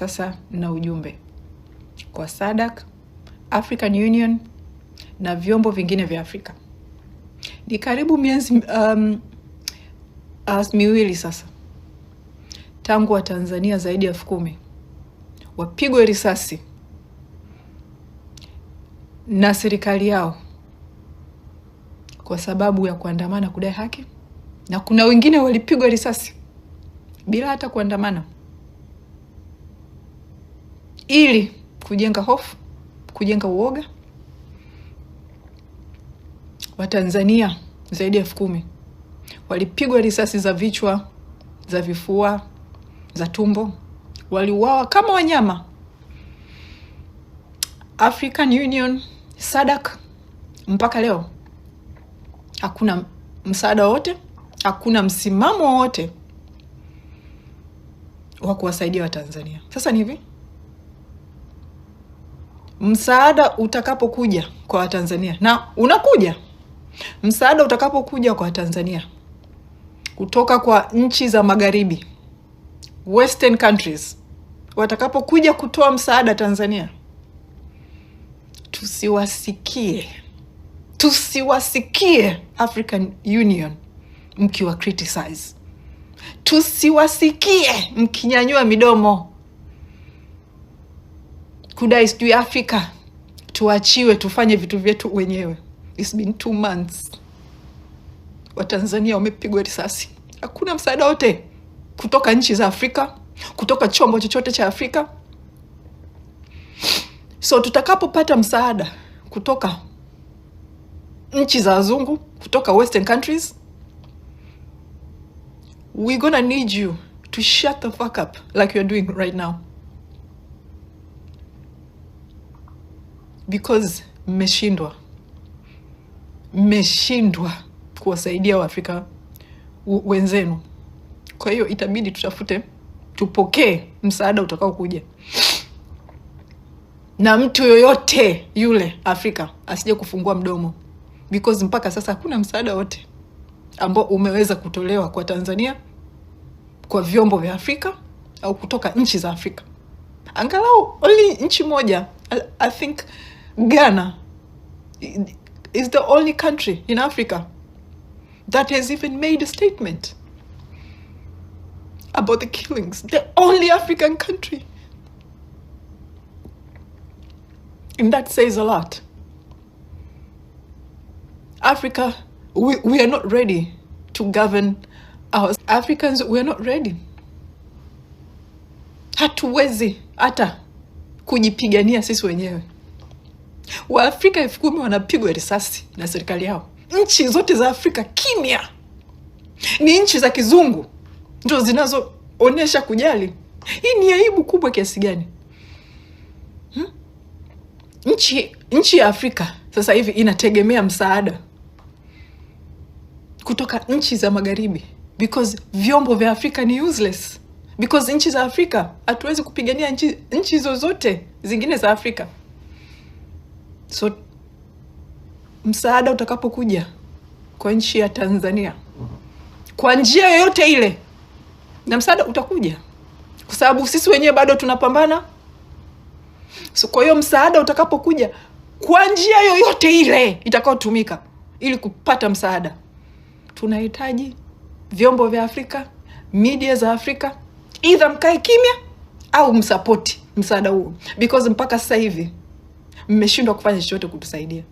Sasa na ujumbe kwa SADC, African Union na vyombo vingine vya Afrika. Ni karibu miezi um, uh, miwili sasa tangu Watanzania zaidi ya elfu kumi wapigwe risasi na serikali yao kwa sababu ya kuandamana kudai haki, na kuna wengine walipigwa risasi bila hata kuandamana ili kujenga hofu, kujenga uoga. Watanzania zaidi ya elfu kumi walipigwa risasi za vichwa, za vifua, za tumbo, waliuawa kama wanyama. African Union, SADC, mpaka leo hakuna msaada wowote, hakuna msimamo wowote wa kuwasaidia Watanzania. Sasa ni hivi msaada utakapokuja kwa Watanzania na unakuja, msaada utakapokuja kwa Watanzania kutoka kwa nchi za magharibi, western countries, watakapokuja kutoa msaada Tanzania, tusiwasikie tusiwasikie African Union mkiwa criticize, tusiwasikie mkinyanyua midomo kudai sijui Afrika tuachiwe tufanye vitu vyetu wenyewe. It's been two months, Watanzania wamepigwa risasi, hakuna msaada wote kutoka nchi za Afrika, kutoka chombo chochote cha Afrika. So tutakapopata msaada kutoka nchi za wazungu, kutoka western countries, we gonna need you to shut the fuck up like you're doing right now. because mmeshindwa, mmeshindwa kuwasaidia Waafrika wenzenu. Kwa hiyo itabidi tutafute, tupokee msaada utakao kuja, na mtu yoyote yule Afrika asije kufungua mdomo, because mpaka sasa hakuna msaada wote ambao umeweza kutolewa kwa Tanzania kwa vyombo vya Afrika au kutoka nchi za Afrika, angalau only nchi moja I, I think Ghana is the only country in Africa that has even made a statement about the killings, the only African country. And that says a lot. Africa, we, we are not ready to govern our Africans, we are not ready. Hatuwezi hata kujipigania sisi wenyewe. Waafrika elfu kumi wanapigwa risasi na serikali yao. Nchi zote za Afrika kimya, ni nchi za kizungu ndo zinazoonyesha kujali. Hii ni aibu kubwa kiasi gani hmm? Nchi, nchi ya Afrika sasa hivi inategemea msaada kutoka nchi za magharibi because vyombo vya Afrika ni useless because nchi za Afrika hatuwezi kupigania nchi, nchi zozote zingine za Afrika so msaada utakapokuja kwa nchi ya Tanzania kwa njia yoyote ile, na msaada utakuja kwa sababu sisi wenyewe bado tunapambana. So kwa hiyo msaada utakapokuja kwa njia yoyote ile itakayotumika ili kupata msaada, tunahitaji vyombo vya Afrika, media za Afrika, either mkae kimya au msapoti msaada huo, because mpaka sasa hivi mmeshindwa kufanya chochote kutusaidia.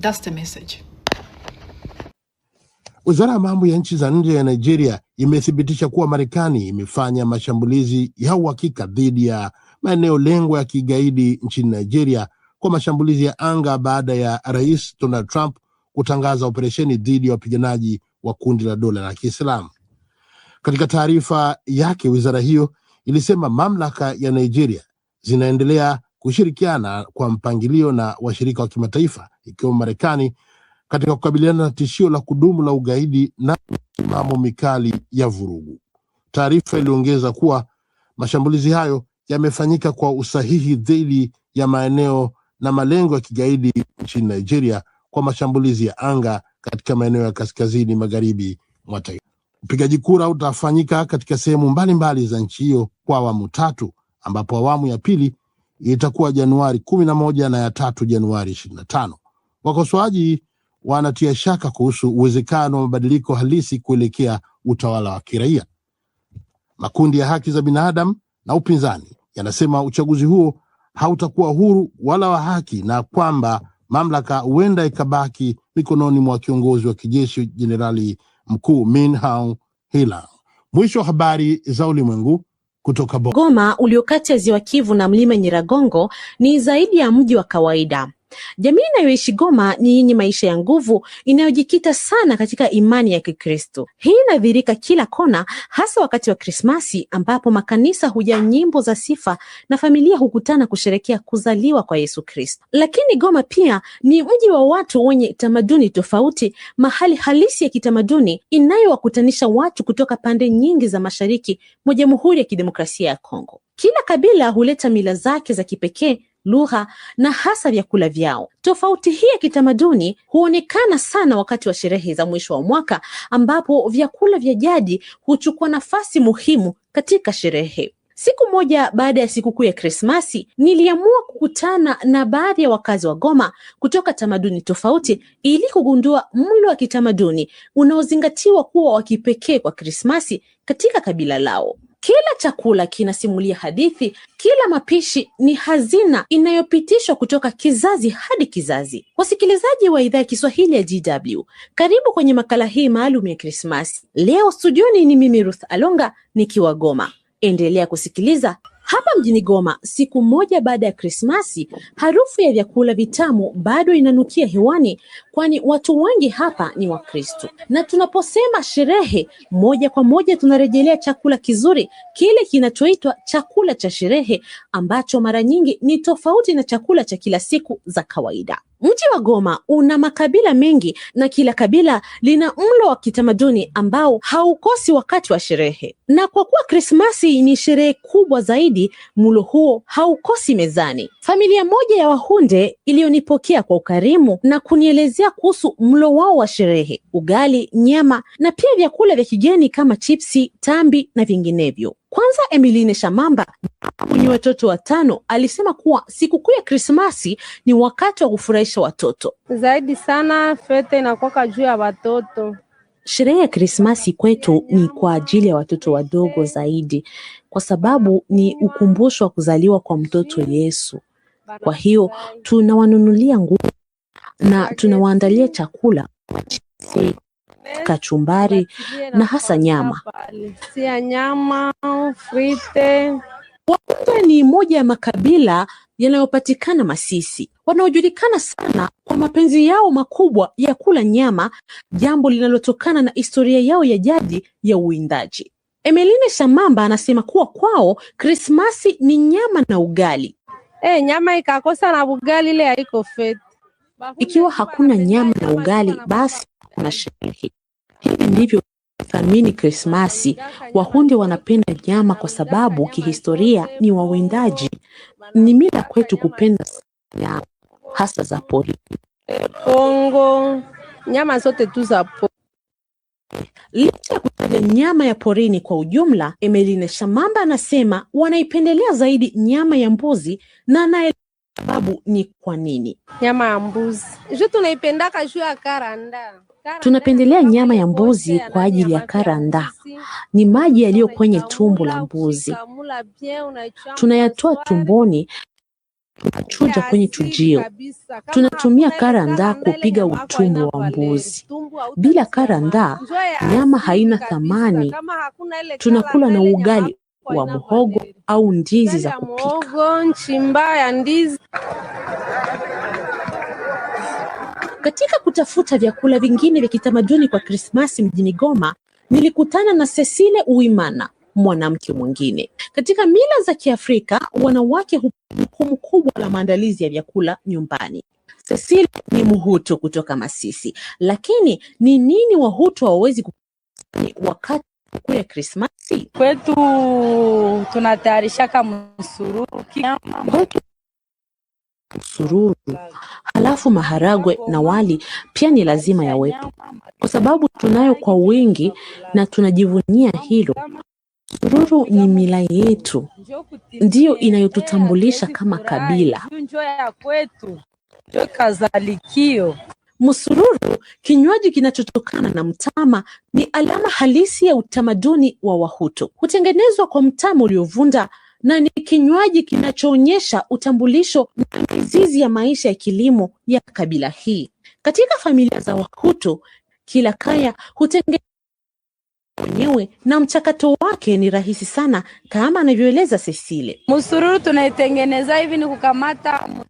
That's the message. Wizara ya mambo ya nchi za nje ya Nigeria imethibitisha kuwa Marekani imefanya mashambulizi ya uhakika dhidi ya maeneo lengwa ya kigaidi nchini Nigeria kwa mashambulizi ya anga baada ya Rais Donald Trump kutangaza operesheni dhidi ya wapiganaji wa kundi la dola la Kiislamu. Katika taarifa yake, wizara hiyo ilisema mamlaka ya Nigeria zinaendelea kushirikiana kwa mpangilio na washirika wa kimataifa ikiwemo Marekani katika kukabiliana na tishio la kudumu la ugaidi na msimamo mikali ya vurugu. Taarifa iliongeza kuwa mashambulizi hayo yamefanyika kwa usahihi dhidi ya maeneo na malengo ya kigaidi nchini Nigeria kwa mashambulizi ya anga katika maeneo ya kaskazini magharibi mwa taifa. Upigaji kura utafanyika katika sehemu mbalimbali za nchi hiyo kwa awamu tatu, ambapo awamu ya pili itakuwa Januari kumi na moja na ya tatu Januari ishirini na tano. Wakosoaji wanatia shaka kuhusu uwezekano wa mabadiliko halisi kuelekea utawala wa kiraia. Makundi ya haki za binadamu na upinzani yanasema uchaguzi huo hautakuwa huru wala wa haki na kwamba mamlaka huenda ikabaki mikononi mwa kiongozi wa kijeshi Jenerali Mkuu Min Aung Hlaing. Mwisho wa habari za ulimwengu kutoka Goma uliokati ya Ziwa Kivu na Mlima Nyiragongo ni zaidi ya mji wa kawaida Jamii inayoishi Goma ni yenye maisha ya nguvu inayojikita sana katika imani ya Kikristo. Hii inadhihirika kila kona, hasa wakati wa Krismasi ambapo makanisa hujaa nyimbo za sifa na familia hukutana kusherekea kuzaliwa kwa Yesu Kristo. Lakini Goma pia ni mji wa watu wenye tamaduni tofauti, mahali halisi ya kitamaduni inayowakutanisha watu kutoka pande nyingi za mashariki mwa Jamhuri ya Kidemokrasia ya Kongo. Kila kabila huleta mila zake za kipekee lugha na hasa vyakula vyao. Tofauti hii ya kitamaduni huonekana sana wakati wa sherehe za mwisho wa mwaka ambapo vyakula vya jadi huchukua nafasi muhimu katika sherehe. Siku moja baada ya sikukuu ya Krismasi, niliamua kukutana na baadhi ya wakazi wa Goma kutoka tamaduni tofauti ili kugundua mlo wa kitamaduni unaozingatiwa kuwa wa kipekee kwa Krismasi katika kabila lao. Kila chakula kinasimulia hadithi, kila mapishi ni hazina inayopitishwa kutoka kizazi hadi kizazi. Wasikilizaji wa idhaa ya Kiswahili ya gw karibu kwenye makala hii maalum ya Krismasi. Leo studioni ni mimi Ruth Alonga nikiwa Goma. Endelea kusikiliza hapa mjini Goma, siku moja baada ya Krismasi, harufu ya vyakula vitamu bado inanukia hewani, kwani watu wengi hapa ni Wakristo. Na tunaposema sherehe, moja kwa moja tunarejelea chakula kizuri, kile kinachoitwa chakula cha sherehe, ambacho mara nyingi ni tofauti na chakula cha kila siku za kawaida. Mji wa Goma una makabila mengi na kila kabila lina mlo wa kitamaduni ambao haukosi wakati wa sherehe, na kwa kuwa Krismasi ni sherehe kubwa zaidi, mlo huo haukosi mezani. Familia moja ya Wahunde iliyonipokea kwa ukarimu na kunielezea kuhusu mlo wao wa sherehe: ugali, nyama na pia vyakula vya kigeni kama chipsi, tambi na vinginevyo. Kwanza, emiline shamamba mwenye watoto watano alisema kuwa sikukuu ya Krismasi ni wakati wa kufurahisha watoto zaidi sana. Fete inakuwa juu ya watoto. Sherehe ya Krismasi kwetu ni kwa ajili ya watoto wadogo zaidi, kwa sababu ni ukumbusho wa kuzaliwa kwa mtoto Yesu. Kwa hiyo tunawanunulia nguo na tunawaandalia chakula kachumbari na hasa nyama. Nyama frite. Wakuta ni moja ya makabila yanayopatikana Masisi, wanaojulikana sana kwa mapenzi yao makubwa ya kula nyama, jambo linalotokana na historia yao ya jadi ya uwindaji. Emeline Shamamba anasema kuwa kwao Krismasi ni nyama na ugali. E, nyama ikakosa na ugali ile haiko feti. Ikiwa hakuna nyama na ugali, basi Mashariki. Hivi ndivyo thamini Krismasi. Wahunde wanapenda nyama kwa sababu kihistoria ni wawindaji. Ni mila kwetu kupenda nyama hasa za pori. Kongo nyama zote tu za Licha ya kutaja nyama ya porini kwa ujumla, Emeline Shamamba anasema wanaipendelea zaidi nyama ya mbuzi na naye sababu ni kwa nini nyama ya mbuzi juu tunaipendaka juu ya karanda Tunapendelea nyama ya mbuzi kwa ajili ya karanda. Ni maji yaliyo kwenye tumbo la mbuzi, tunayatoa tumboni, tunachuja kwenye chujio. Tunatumia karanda kupiga utumbo wa mbuzi. Bila karanda, nyama haina thamani. Tunakula na ugali wa muhogo au ndizi za kupika. Katika kutafuta vyakula vingine vya kitamaduni kwa Krismasi mjini Goma, nilikutana na Cecile Uimana, mwanamke mwingine. Katika mila za Kiafrika, wanawake hupewa jukumu kubwa la maandalizi ya vyakula nyumbani. Cecile ni Mhutu kutoka Masisi, lakini ni nini Wahutu hawawezi wakati sikukuu Krismasi? Kwetu tunatayarishaka msururu, nyama, msururu, halafu maharagwe na wali pia ni lazima yawepo, kwa sababu tunayo kwa wingi na tunajivunia hilo. Msururu ni mila yetu, ndiyo inayotutambulisha kama kabila. Msururu, kinywaji kinachotokana na mtama, ni alama halisi ya utamaduni wa Wahutu. Hutengenezwa kwa mtama uliovunda na ni kinywaji kinachoonyesha utambulisho na mizizi ya maisha ya kilimo ya kabila hii. Katika familia za wakuto kila kaya hutengeneza wenyewe na mchakato wake ni rahisi sana, kama anavyoeleza Cecile. Musururu tunaitengeneza hivi ni kukamata